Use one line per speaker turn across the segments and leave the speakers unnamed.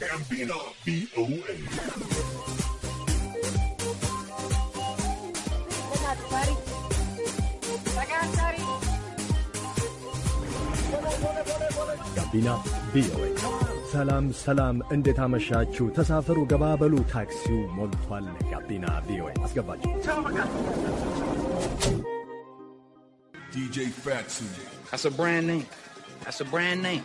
ጋቢና ቪኦኤ
ጋቢና ቪኦኤ። ሰላም ሰላም፣ እንዴት አመሻችሁ? ተሳፈሩ፣ ገባበሉ፣ ታክሲው ሞልቷል። ጋቢና ቪኦኤ አስገባችሁ።
That's a brand name. That's a brand name.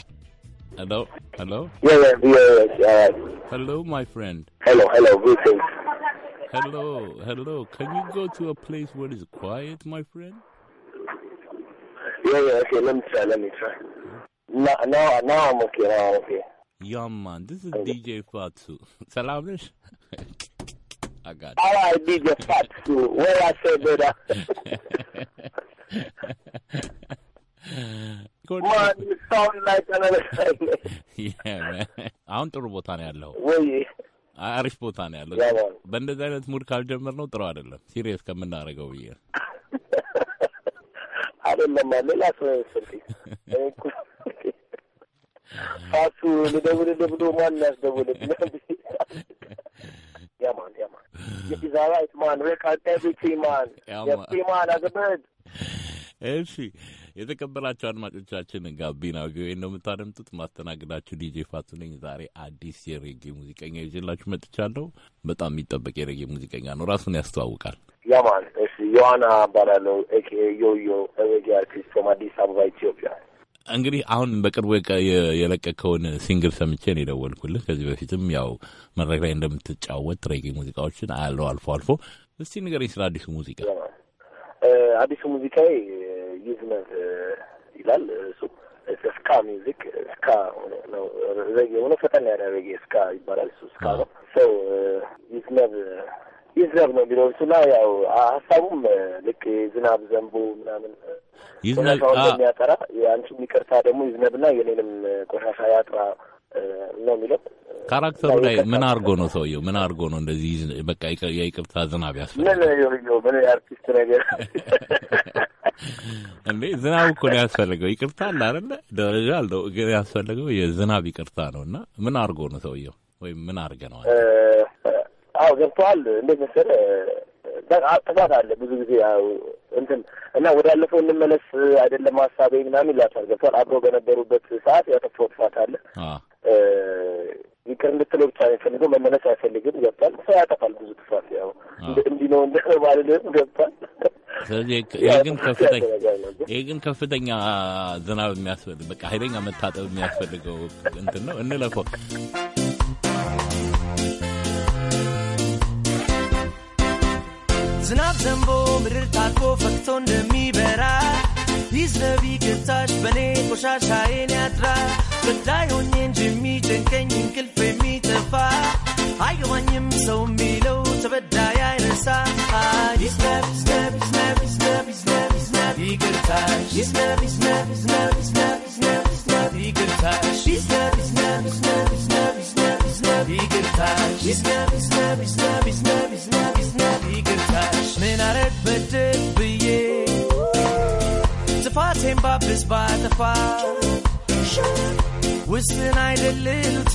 Hello? Hello? Yeah, yeah, yeah, yeah. Hello, my friend. Hello, hello, greetings. Hello, hello. Can you go to a place where it's quiet, my friend?
Yeah, yeah, okay, let me try, let me try.
Now, now, now I'm okay, now I'm okay. Yeah, man, this is okay. DJ Fatu. Salamish? I got you. All right,
DJ Fatu. Where I say better.
አሁን ጥሩ ቦታ ነው ያለው ወይ? አሪፍ ቦታ ነው ያለው። በእንደዚህ አይነት ሙድ ካልጀመር ነው ጥሩ አይደለም። ሲሪየስ ከምናደርገው ብዬ
አይደለም። ሌላ ሰው ፋሱ ልደውልልህ ብሎ ማን ያስደውልህ? ያማን ያማን የዛራይት ማን ሬክ አት ማን የማን አገበድ
እሺ የተከበራቸው አድማጮቻችን ጋቢና ቪኦኤ ነው የምታደምጡት። ማስተናግዳችሁ ዲጄ ፋቱ ነኝ። ዛሬ አዲስ የሬጌ ሙዚቀኛ ይዤላችሁ መጥቻለሁ። በጣም የሚጠበቅ የሬጌ ሙዚቀኛ ነው። ራሱን ያስተዋውቃል።
ያማን እሺ፣ ዮዋና እባላለሁ። ኤኬ ዮዮ ሬጌ አርቲስት አዲስ አበባ ኢትዮጵያ።
እንግዲህ አሁን በቅርቡ የለቀከውን ሲንግል ሰምቼ ነው የደወልኩልህ። ከዚህ በፊትም ያው መድረክ ላይ እንደምትጫወት ሬጌ ሙዚቃዎችን አያለው አልፎ አልፎ። እስቲ ንገረኝ ስለ አዲሱ ሙዚቃ።
አዲሱ ሙዚቃዬ ይዝመር ይላል እሱ እስካ ሚዚክ እስካ ነው ሬጌ ሆኖ ፈጠን ያለ ሬጌ እስካ ይባላል። እሱ እስካ ነው ሰው ይዝነብ ይዝነብ ነው የሚለው እሱና ያው ሀሳቡም ልክ ዝናብ ዘንቦ ምናምን ቆሻሻውን የሚያጠራ የአንቺም ይቅርታ ደግሞ ይዝነብና የኔንም ቆሻሻ ያጥራ ነው የሚለው
ካራክተሩ ላይ ምን አድርጎ ነው ሰውየው ምን አድርጎ ነው እንደዚህ በቃ የይቅርታ ዝናብ
ያስፈልገው? ምን የአርቲስት ነገር
እንዴ ዝናብ እኮ ነው ያስፈልገው። ይቅርታ አለ አይደለ ደረጃ አለው ግን ያስፈልገው የዝናብ ይቅርታ ነው። እና ምን አድርጎ ነው ሰውየው ወይም ምን አድርገ
ነው? አዎ ገብተዋል። እንዴት መሰለህ ጥፋት አለ ብዙ ጊዜ ያው እንትን እና ወዳለፈው እንመለስ አይደለም ሀሳቤ ምናምን ይላቸዋል። ገብተዋል አብሮ በነበሩበት ሰዓት ያጠፋው ጥፋት አለ ይቅር እንድትለው ብቻ አይፈልገው መመለስ አይፈልግም። ገብቷል። ሰው ያጠፋል ብዙ ጥፋት ያው እንዲህ ነው እንደ ባልልም ገብቷል።
ስለዚህ ግን ከፍተኛ ግን ከፍተኛ ዝናብ የሚያስፈልግ በቃ ኃይለኛ መታጠብ የሚያስፈልገው እንትን ነው እንለፈው
ዝናብ ዘንቦ ምድር ታጥቦ ፈክቶ እንደሚበራ ይዝነቢ ግታሽ በኔ ቆሻሻዬን ያድራል እንዳይሆኝ እንጂ የሚጨንቀኝ እንቅልፍ የሚጠፋ አይገባኝም ሰው የሚለው ተበዳይ አይረሳ ምን አረት በድል ብዬ ጥፋቴን ባብስ ባጠፋ ውስን አይደልሉት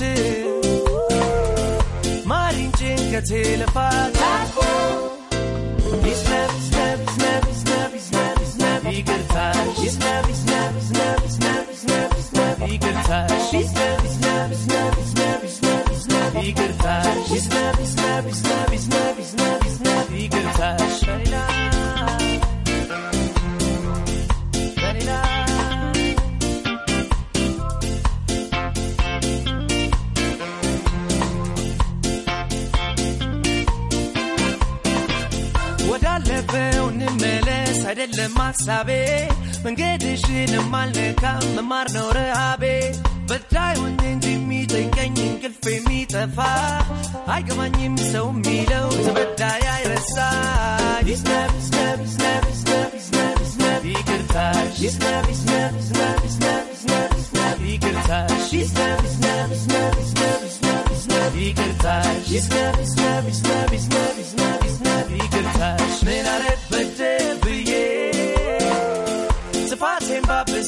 ማሪንጭን ከቴለፋት ይቅርታ ሀሳቤ መንገድሽንም አልነካም መማር ነው ረሃቤ በዳይሆን እንጂ የሚጠይቀኝ እንቅልፍ የሚጠፋ አይገባኝም ሰው የሚለው ተበዳይ አይረሳ ይቅርታ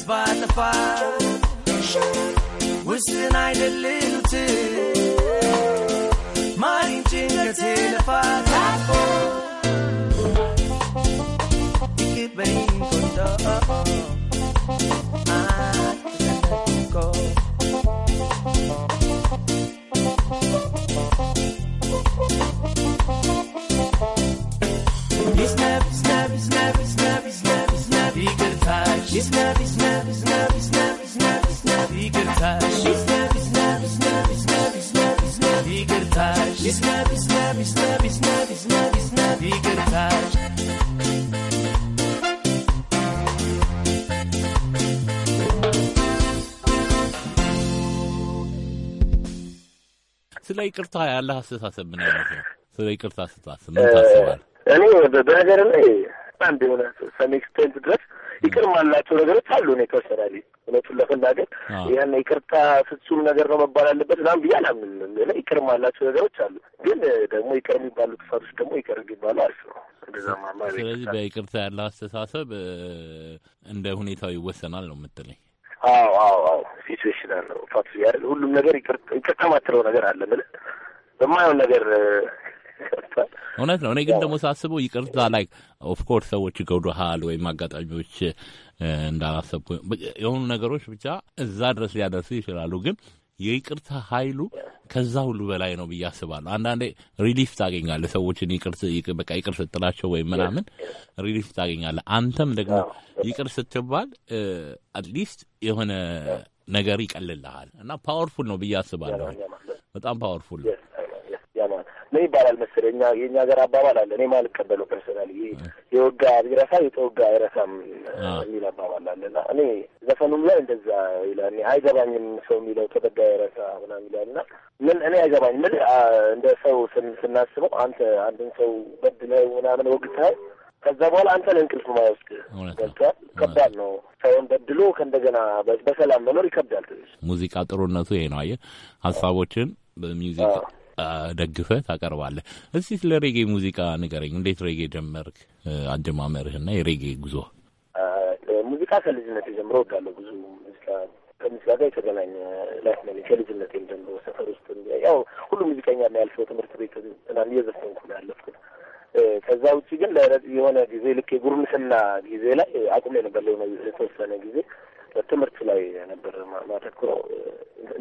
by the fire. Wish the night a little too. My jingle till the fire tapped. It could be for go.
ስለ ይቅርታ ያለ አስተሳሰብ ምን አይነት ነው? ስለ ይቅርታ አስተሳሰብ ምን ታስባል?
እኔ በነገር ላይ አንድ የሆነ ሰሜክስቴንት ድረስ ይቅር ማላቸው ነገሮች አሉ። እኔ ፐርሰናሊ እውነቱን ለመናገር ያን ይቅርታ ፍጹም ነገር ነው መባል አለበት ምናምን ብዬ አላምንም። ይቅር ማላቸው ነገሮች አሉ፣ ግን ደግሞ ይቅር የሚባሉ ጥፋቶች ደግሞ ይቅር የሚባሉ
አሪፍ ነው። ስለዚህ በይቅርታ ያለ አስተሳሰብ እንደ ሁኔታው ይወሰናል ነው የምትለኝ?
አዎ አዎ አዎ ሲቹዌሽናል ፋክት ሁሉም ነገር ይቅርታ ነገር አለ። ምን በማየው ነገር
እውነት ነው። እኔ ግን ደግሞ ሳስበው ይቅርታ ላይ ኦፍኮርስ ሰዎች ይጎዱሃል ወይም አጋጣሚዎች እንዳላሰብኩ የሆኑ ነገሮች ብቻ እዛ ድረስ ይችላሉ። ግን የይቅርታ ኃይሉ ከዛ ሁሉ በላይ ነው ብዬ አስባለሁ። አንዳንዴ ሪሊፍ ታገኛለ ሰዎችን በቃ ይቅር ስትላቸው ወይም ምናምን ሪሊፍ ታገኛለ። አንተም ደግሞ ይቅር ስትባል አትሊስት የሆነ ነገር ይቀልልሃል እና ፓወርፉል ነው ብዬ አስባለሁ። በጣም ፓወርፉል
ነው። ምን ይባላል መሰለኝ የእኛ ሀገር አባባል አለ፣ እኔ ማልቀበለው ፐርሰናል። የወጋ ቢረሳ የተወጋ አይረሳም የሚል አባባል አለና እኔ ዘፈኑም ላይ እንደዛ ይላል። እኔ አይገባኝም ሰው የሚለው ተበዳይ ረሳ ምናምን ይላልና ምን እኔ አይገባኝም ምን እንደ ሰው ስናስበው አንተ አንድን ሰው በድለው ምናምን ወግተህ ከዛ በኋላ አንተ ለእንቅልፍ ማይወስድ ገብቷል። ከባድ ነው። ሰውን በድሎ ከእንደገና በሰላም መኖር ይከብዳል። ትንሽ
ሙዚቃ ጥሩነቱ ይሄ ነው። አየህ ሀሳቦችን በሚዚቃ ደግፈ ታቀርባለህ። እስቲ ስለ ሬጌ ሙዚቃ ንገረኝ። እንዴት ሬጌ ጀመርክ? አጀማመርህና የሬጌ ጉዞ
ሙዚቃ ከልጅነት ጀምሮ እወዳለሁ። ብዙ ሙዚቃ ከሙዚቃ ጋር የተገናኘ ላይፍ ነው። ከልጅነት ጀምሮ ሰፈር ውስጥ ያው ሁሉ ሙዚቀኛ ያልፈው ትምህርት ቤት ምናምን እየዘፈንኩ ነው ያለፍኩት። ከዛ ውጭ ግን የሆነ ጊዜ ልክ የጉርምስና ጊዜ ላይ አቁሜ ነበር። ለሆነ የተወሰነ ጊዜ ትምህርት ላይ ነበር ማተኩረው።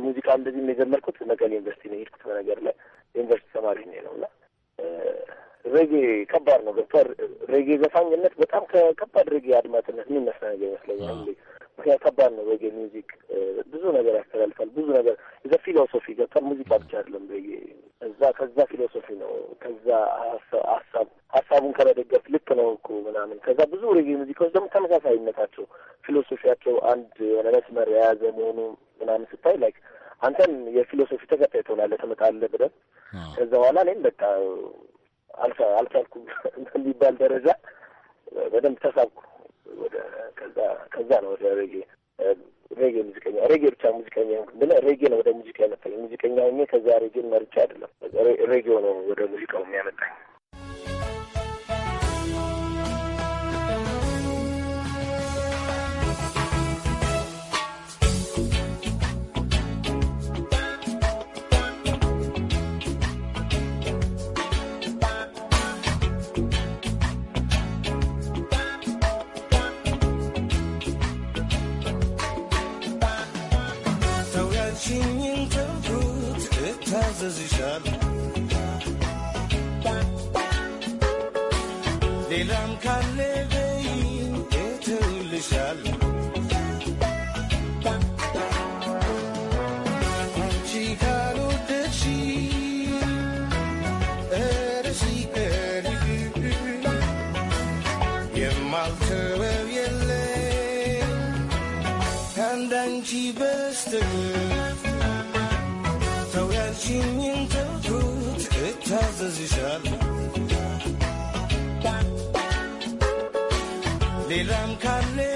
ሙዚቃ እንደዚህ የጀመርኩት መቀሌ ዩኒቨርሲቲ ነው የሄድኩት። በነገር ላይ ዩኒቨርሲቲ ተማሪ ነው እና ሬጌ ከባድ ነው። ገብቷል። ሬጌ ዘፋኝነት በጣም ከከባድ ሬጌ አድማጭነት የሚነሳ ነገር ይመስለኛል። ምክንያት ከባድ ነው። ሬጌ ሚውዚክ ብዙ ነገር ያስተላልፋል። ብዙ ነገር እዛ ፊሎሶፊ ገብቷል። ሙዚቃ ብቻ አይደለም ሬጌ እዛ ከዛ ፊሎሶፊ ነው። ከዛ ሀሳብ ሀሳቡን ከመደገፍ ልክ ነው እኮ ምናምን። ከዛ ብዙ ሬጌ ሙዚቃዎች ደግሞ ተመሳሳይነታቸው ፊሎሶፊያቸው አንድ የሆነ መስመር የያዘ መሆኑ ምናምን ስታይ ላይክ አንተም የፊሎሶፊ ተከታይ ትሆናለህ። ትመጣለህ ብለን ከዛ በኋላ እኔም በቃ አልቻልኩም በሚባል ደረጃ በደንብ ተሳብኩ። ወደ ከዛ ከዛ ነው ወደ ሬጌ ሬጌ ሙዚቀኛ ሬጌ ብቻ ሙዚቀኛ ብለ ሬጌ ነው ወደ ሙዚቃ ያመጣኝ ሙዚቀኛ ሆኜ ከዛ ሬጌን መርቻ አይደለም ሬጌው ነው ወደ ሙዚቃው የሚያመጣኝ።
Bilang kami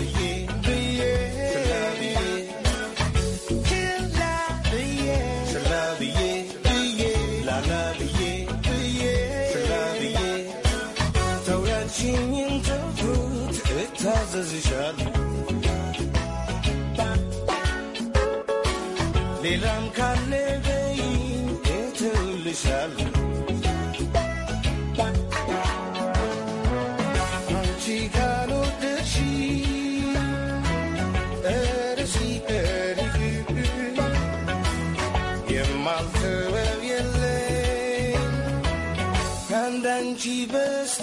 navigate.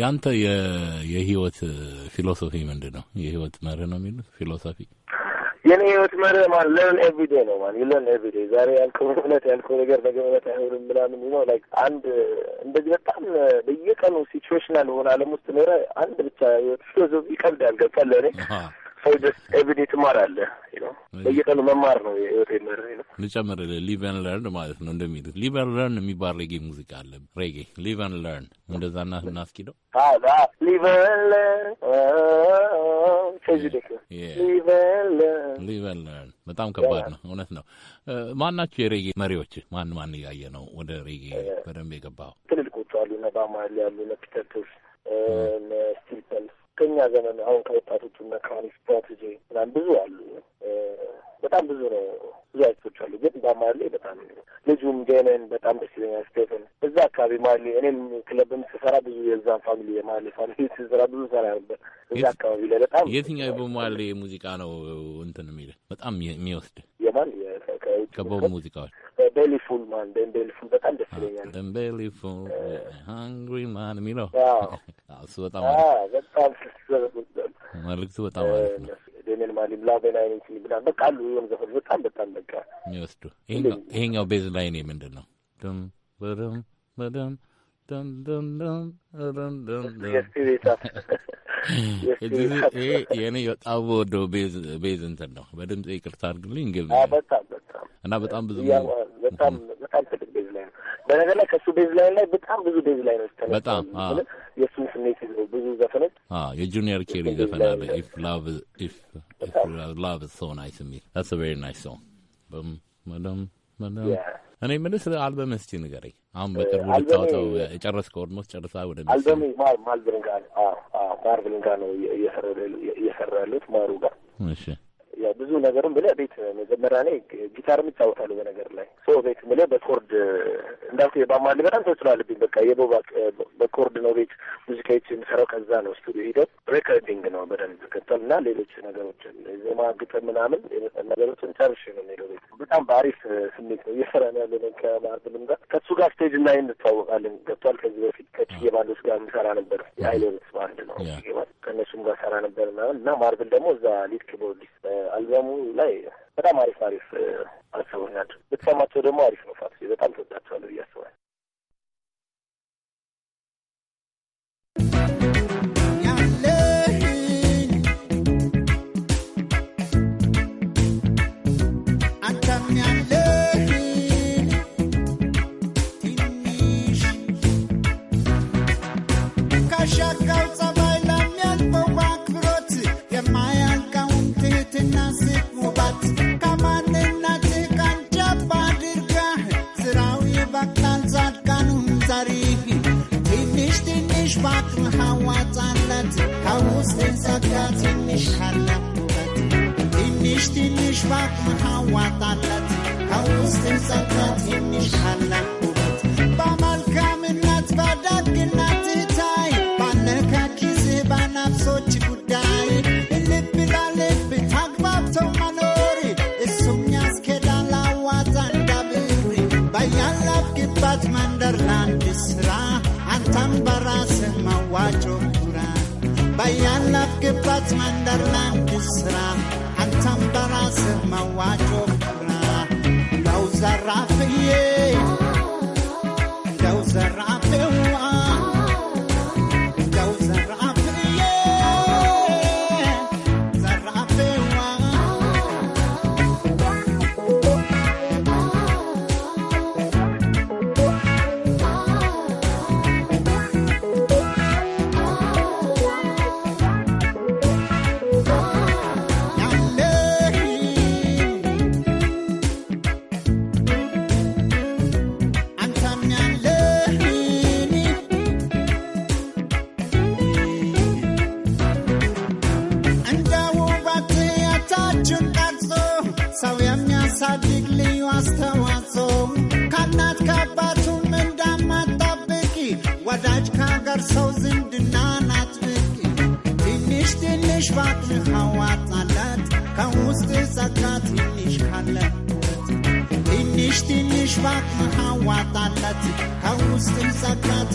ያንተ የህይወት ፊሎሶፊ ምንድን ነው? የህይወት መርህ ነው የሚሉት ፊሎሶፊ
የኔ ህይወት መርህ ማለት ለርን ኤቭሪዴ ነው ማለት የለን ኤቭሪዴ ዛሬ ያልከው እውነት ያልከው ነገር ነገ እውነት አይሆንም ምናምን ነው ላይክ አንድ እንደዚህ በጣም በየቀኑ ሲትዌሽናል ሆነ አለም ውስጥ ኖረ አንድ ብቻ ህይወት ፊሎሶፊ ይከብዳል። ገባ ለእኔ ሰው ጀስት ኤቭሪዴ ትማራለህ ነው። በየቀኑ መማር ነው የህይወት መር ነው።
ልጨምር ሊቭ ኤን ለርን ማለት ነው እንደሚሉት ሊቭ ኤን ለርን የሚባል ሬጌ ሙዚቃ አለ። ሬጌ ሊቭ ኤን ለርን እንደዛ ና እናስኪደው
ሊቭ ኤን ለርን
ሊቭ ኤን ለርን በጣም ከባድ ነው። እውነት ነው። ማን ናቸው የሬጌ መሪዎች ማን ማን እያየ ነው ወደ ሬጌ በደንብ የገባው?
ትልልቆቹ አሉ። ነባማ ያሉ ነፒተቶች ስቲልፐልስ ከኛ ዘመን አሁን ከወጣቶቹ እና ከአሊ ስትራቴጂ ምናምን ብዙ አሉ። በጣም ብዙ ነው፣ ብዙ አይነቶች አሉ። ግን በማሌ በጣም ልጁም ጄነን በጣም ደስ ይለኛል። ስቴፈን እዛ አካባቢ ማሌ፣ እኔም ክለብም ስሰራ ብዙ የዛን ፋሚሊ የማሌ ፋሚሊ ስሰራ ብዙ ሰራ ነበር እዛ አካባቢ ላይ በጣም
የትኛው በማሌ ሙዚቃ ነው እንትን የሚል በጣም የሚወስድ የማን ሙዚቃዎች ከቦብ ሙዚቃዎች
ቤሊፉል ማን በጣም ደስ
ይለኛል። ሃንግሪ ማን የሚለው እሱ በጣም
በጣም በጣም ማለት ነው። ደሜል ማሊም አይነት በቃ አሉ ዘፈን በጣም በጣም በቃ
የሚወስዱ ይሄኛው ቤዝ ላይ ነው ምንድን ነው ድም በደም በደም ይሄ በጣም ወደው ቤዝ እንትን ነው። በድምፅ ይቅርታ አድርግልኝ። በጣም እና በጣም ብዙ
በጣም በጣም ትልቅ ቤዝ ላይ ነው። በነገር ላይ ከእሱ ቤዝ ላይን ላይ በጣም ብዙ ቤዝ ላይ ነው በጣም የእሱ ስሜት ነው። ብዙ ዘፈኖች
የጁኒየር ኬሪ ዘፈን አለ ኢፍ ላቭ ኢፍ ላቭ ሶ ናይስ የሚል ስ ቬሪ ናይስ ሶ መደም መደም እኔ የምልህ ስለ አልበም እስቲ ንገረኝ። አሁን በቅርቡ ልታወጣው የጨረስከው ኦልሞስት ጨርሳ ወደ አልበም
ማር ማልብልንጋ ማር ብልንጋ ነው እየሰራ ያሉት ማሩ ጋር እሺ ያው ብዙ ነገርም ብለህ ቤት መጀመሪያ ላይ ጊታርም እጫወታለሁ በነገር ላይ ሶ ቤት ብለህ በኮርድ እንዳልኩ የባማል በጣም ተጽዕኖ አለብኝ። በቃ የቦባ በኮርድ ነው ቤት ሙዚቃዎች የምሰራው። ከዛ ነው ስቱዲዮ ሂደት ሬኮርዲንግ ነው በደንብ ከተል እና ሌሎች ነገሮችን ዜማ፣ ግጥም ምናምን ነገሮችን ጨርሼ ነው የምሄደው ቤት። በጣም በአሪፍ ስሜት ነው እየሰራ ነው ያለ ከማርብልም ጋር ከሱ ጋር ስቴጅ እና እንተዋወቃለን። ገብቷል። ከዚህ በፊት ከችዬ ባንዶች ጋር የምሰራ ነበር። የሀይሌ ባንድ ነው ከእነሱም ጋር ሰራ ነበር ምናምን እና ማርብል ደግሞ እዛ ሊድ ኪቦርዲስት አልበሙ ላይ በጣም አሪፍ አሪፍ አሰቡኛል። ብትሰማቸው ደግሞ አሪፍ ነው። ፋት በጣም ተወዳቸዋለሁ
ብዬ
አስባለሁ። Shaka ውበት ካውስ ንጸጋ ትንሽ ካላት ውበት ትንሽ ትንሽ ባክመሃ ዋጣላት ካውስ ንጸጋ ትንሽ ካላት ውበት በመልካምነት በደግነት ታይ ባነካኪዝ ባናብሶች ጉዳይ ልብ ለልብ ታግባብተው መኖር እሱም ያስኬዳል አዋጣ እንዳብር መንደር ለአንድ ስራ አንተም በራስህ መዋጮ በያለህበት መንደር መንግሥት ስራ አንተም በራስህ መዋጮ ፍራ ነው ዘራፍዬ systems I got.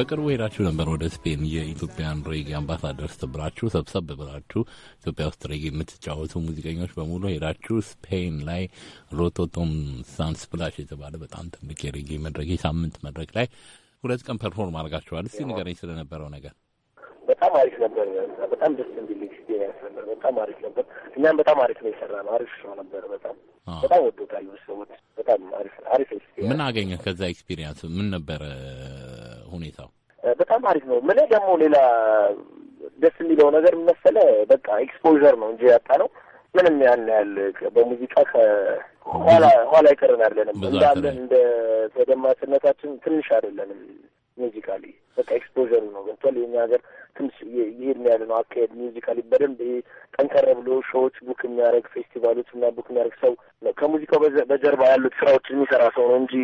በቅርቡ ሄዳችሁ ነበር ወደ ስፔን። የኢትዮጵያን ሬጌ አምባሳደር ስትብላችሁ ሰብሰብ ብላችሁ ኢትዮጵያ ውስጥ ሬጌ የምትጫወቱ ሙዚቀኞች በሙሉ ሄዳችሁ ስፔን ላይ ሮቶቶም ሳንስፕላሽ የተባለ በጣም ትልቅ የሬጌ መድረክ የሳምንት መድረክ ላይ ሁለት ቀን ፐርፎርም አድርጋችኋል። እስቲ ንገረኝ ስለነበረው ነገር። በጣም አሪፍ ነበር።
በጣም ደስ እንዲ በጣም አሪፍ ነበር። እኛም በጣም አሪፍ ነው የሰራ ነው። አሪፍ ነው ነበር። በጣም በጣም ወዶታል ሰዎች። በጣም አሪፍ አሪፍ ኤክስፒሪያንስ።
ምን አገኘ ከዛ ኤክስፒሪያንስ? ምን ነበረ
ሁኔታው? በጣም አሪፍ ነው። ምን ደግሞ ሌላ ደስ የሚለው ነገር መሰለ በቃ ኤክስፖዘር ነው እንጂ ያጣ ነው ምንም ያን ያህል በሙዚቃ ከኋላ ኋላ ይቀረን አይደለንም። እንዳለን እንደ ተደማስነታችን ትንሽ አይደለንም። ሙዚቃሊ በቃ ኤክስፖዘሩ ነው ገብቷል። የኛ ሀገር ትንሽ ይሄድ ያለ ነው አካሄድ ሙዚቃሊ በደንብ ጠንከረ ብሎ ሾዎች ቡክ የሚያደርግ ፌስቲቫሎች እና ቡክ የሚያደርግ ሰው ከሙዚቃው በጀርባ ያሉት ስራዎች የሚሰራ ሰው ነው እንጂ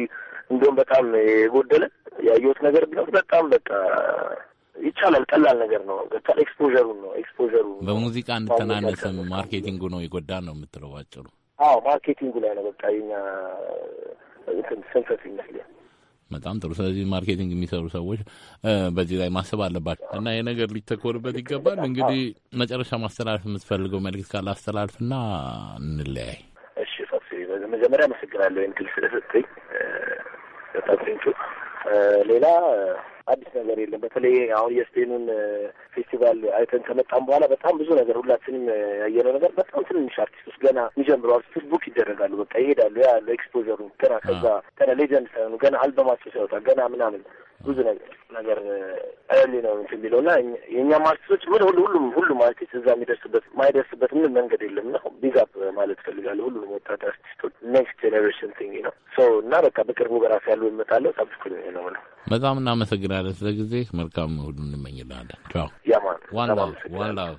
እንዲሁም በጣም የጎደለ ያየሁት ነገር ቢኖር በጣም በቃ ይቻላል። ቀላል ነገር ነው ገብቷል። ኤክስፖዘሩ ነው ኤክስፖዘሩ
በሙዚቃ እንተናነስም ማርኬቲንጉ ነው የጎዳ ነው የምትለው
ባጭሩ? አዎ ማርኬቲንጉ ላይ ነው በቃ የኛ ስንፈት ይመስላል።
በጣም ጥሩ። ስለዚህ ማርኬቲንግ የሚሰሩ ሰዎች በዚህ ላይ ማሰብ አለባቸው እና ይህ ነገር ሊተኮርበት ይገባል። እንግዲህ መጨረሻ ማስተላለፍ የምትፈልገው መልዕክት ካለ አስተላልፍና እንለያይ። እሺ
መጀመሪያ አመሰግናለሁ ይህን ግል ስለሰጠኝ ሌላ አዲስ ነገር የለም። በተለይ አሁን የስፔኑን ፌስቲቫል አይተን ከመጣም በኋላ በጣም ብዙ ነገር ሁላችንም ያየነው ነገር በጣም ትንንሽ አርቲስቶች ገና የሚጀምሩ አርቲስቶች ቡክ ይደረጋሉ። በቃ ይሄዳሉ። ያ ኤክስፖዘሩ ገና ከዛ ገና ሌጀንድ ሳይሆኑ ገና አልበማቸው ሳይወጣ ገና ምናምን ብዙ ነገር ነገር እሊ ነው እንትን የሚለው እና የእኛም አርቲስቶች ምን ሁሉ ሁሉም ሁሉም አርቲስት እዛ የሚደርስበት ማይደርስበት ምን መንገድ የለም ነው ቢግ ማለት እፈልጋለሁ። ሁሉም ወጣት አርቲስቶች ኔክስት ጄኔሬሽን ቲንግ ነው ሶ እና በቃ በቅርቡ በራሴ ያሉ ይመጣለሁ ሳብስኩ ነው ነው
በጣም እናመሰግናል። መመላለስ ለጊዜ መልካም ሁሉ እንመኝልሃለን። ዋን ላቭ ዋን ላቭ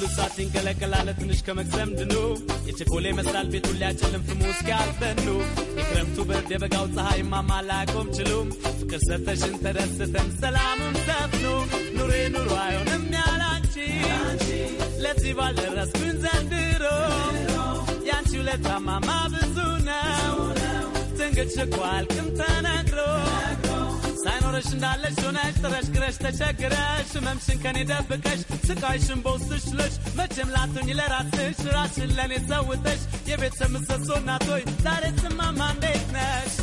በሉት ሰዓት ትንሽ ከመቅሰም ድኑ የቸኮሌ መስላል ቤቱ ሊያጨልም ፍሙ እስኪ እስኪያዘኑ የክረምቱ ብርድ የበጋው ፀሐይ ማማላቆም ችሉም ፍቅር ሰተሽን ተደስተን ሰላምም ሰፍኑ ኑሬ ኑሮ አይሆንም ያላንቺ ለዚህ ባልደረስኩኝ ዘንድሮ ያንቺ ማማ ብዙ ነው ትንግድ ሽኳልቅም ተነግሮ ሳይኖርሽ እንዳለሽ ሆነሽ ጥረሽ ግረሽ ተቸግረሽ ህመምሽን ከኔ ደብቀሽ ስቃይሽን በውስጥሽ ልሽ መቼም ላቱኝ ለራስሽ ራስሽን ለእኔ ሰውተሽ የቤተሰብ ምሰሶ እናቶይ ዛሬ ስማማ እንዴት ነሽ?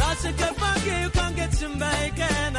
Racha kafake you can't get some bacon.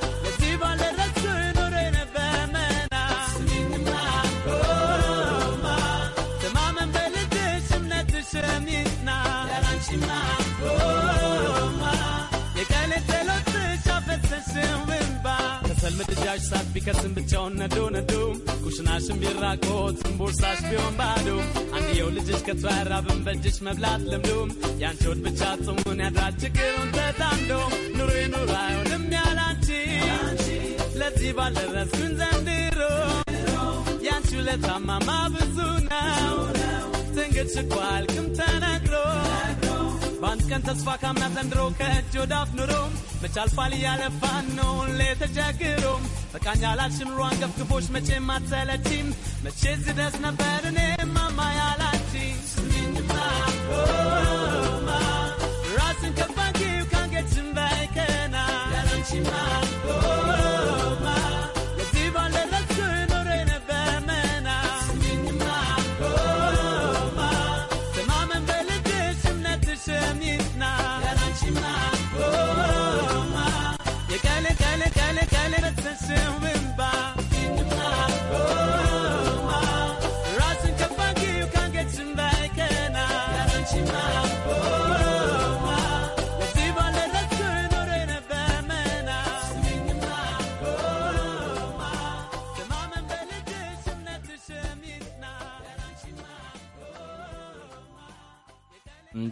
እሳት ቢከስም ብቻውን ነዶ ነዶ ኩሽናሽን ቢራቆት ቦርሳሽ ቢሆን ባዶ አንድየው ልጅሽ ከቶ አይራብም በእጅሽ መብላት ለምዶም ወድ ብቻ ጽሙን ያድራ ችግሩን ተታንዶ ኑሮ ኑሮ አይሆንም ያላንቺ ለዚህ ባልደረስኩኝ ዘንድሮ ያንቺ ለታማማ ብዙ ነው ትንግድ ሽኳ ተነግሮ በአንድ ቀን ተስፋ ካምናት ዘንድሮ ከእጅ ወዳፍ ኑሮም መቻልፋል አልፏል እያለፋን ነው ሁሌ ተቸግሮ በቃኝ አላልሽም ኑሮ አንገፍግፎች መቼም አትሰለችም መቼ ዝደስ ነበር እኔ ማማ ያላችኝ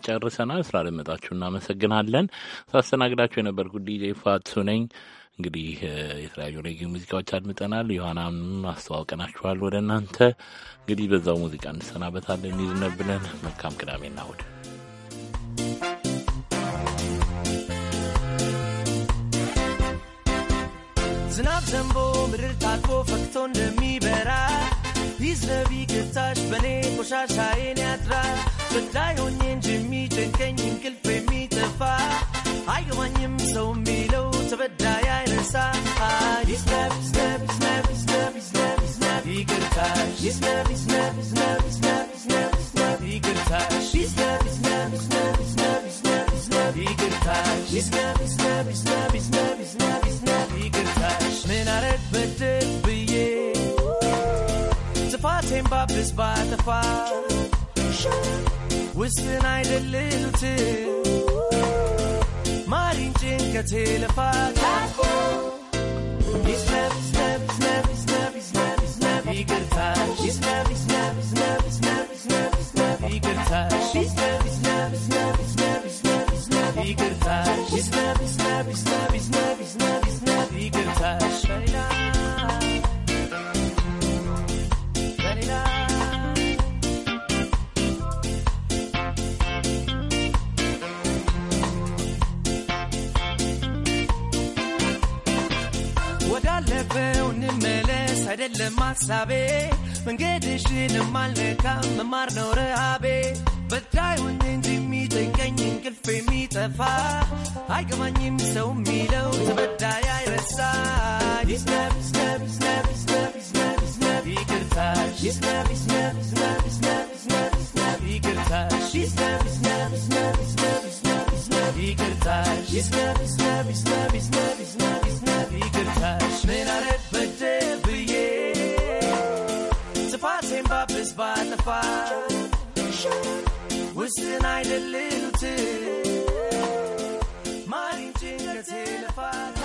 ጨርሰናል። ስላደመጣችሁ እናመሰግናለን። ሳስተናግዳችሁ የነበርኩት ዲጄ ፋትሱ ነኝ። እንግዲህ የተለያዩ ሬጊ ሙዚቃዎች አድምጠናል። ዮሐናንም አስተዋውቀናችኋል ወደ እናንተ። እንግዲህ በዛው ሙዚቃ እንሰናበታለን። ይዝነብለን። መልካም ቅዳሜና እሑድ
ዝናብ ዘንቦ ምድር ታጥቦ ፈክቶ እንደሚበራ vis a ግታሽ በኔ ቆሻሻዬን ያድራል ገዳይ ሆኜ እንጂ የሚጨንቀኝ እንቅልፍ የሚጠፋ አይገባኝም ሰው የሚለው ተበዳያ ውስን አይደልሉት ማሪን ጭንቀት ልፋት ይቅርታ የለም ሀሳቤ መንገድሽንም አልነካም መማር ነው ረሃቤ በዳዩን እንጂ የሚጠቀኝ እንቅልፍ የሚጠፋ አይገባኝም ሰው የሚለው ተበዳይ አይረሳ ይቅርታ by the fire. Whistle night a little tune. My jingle till the fire.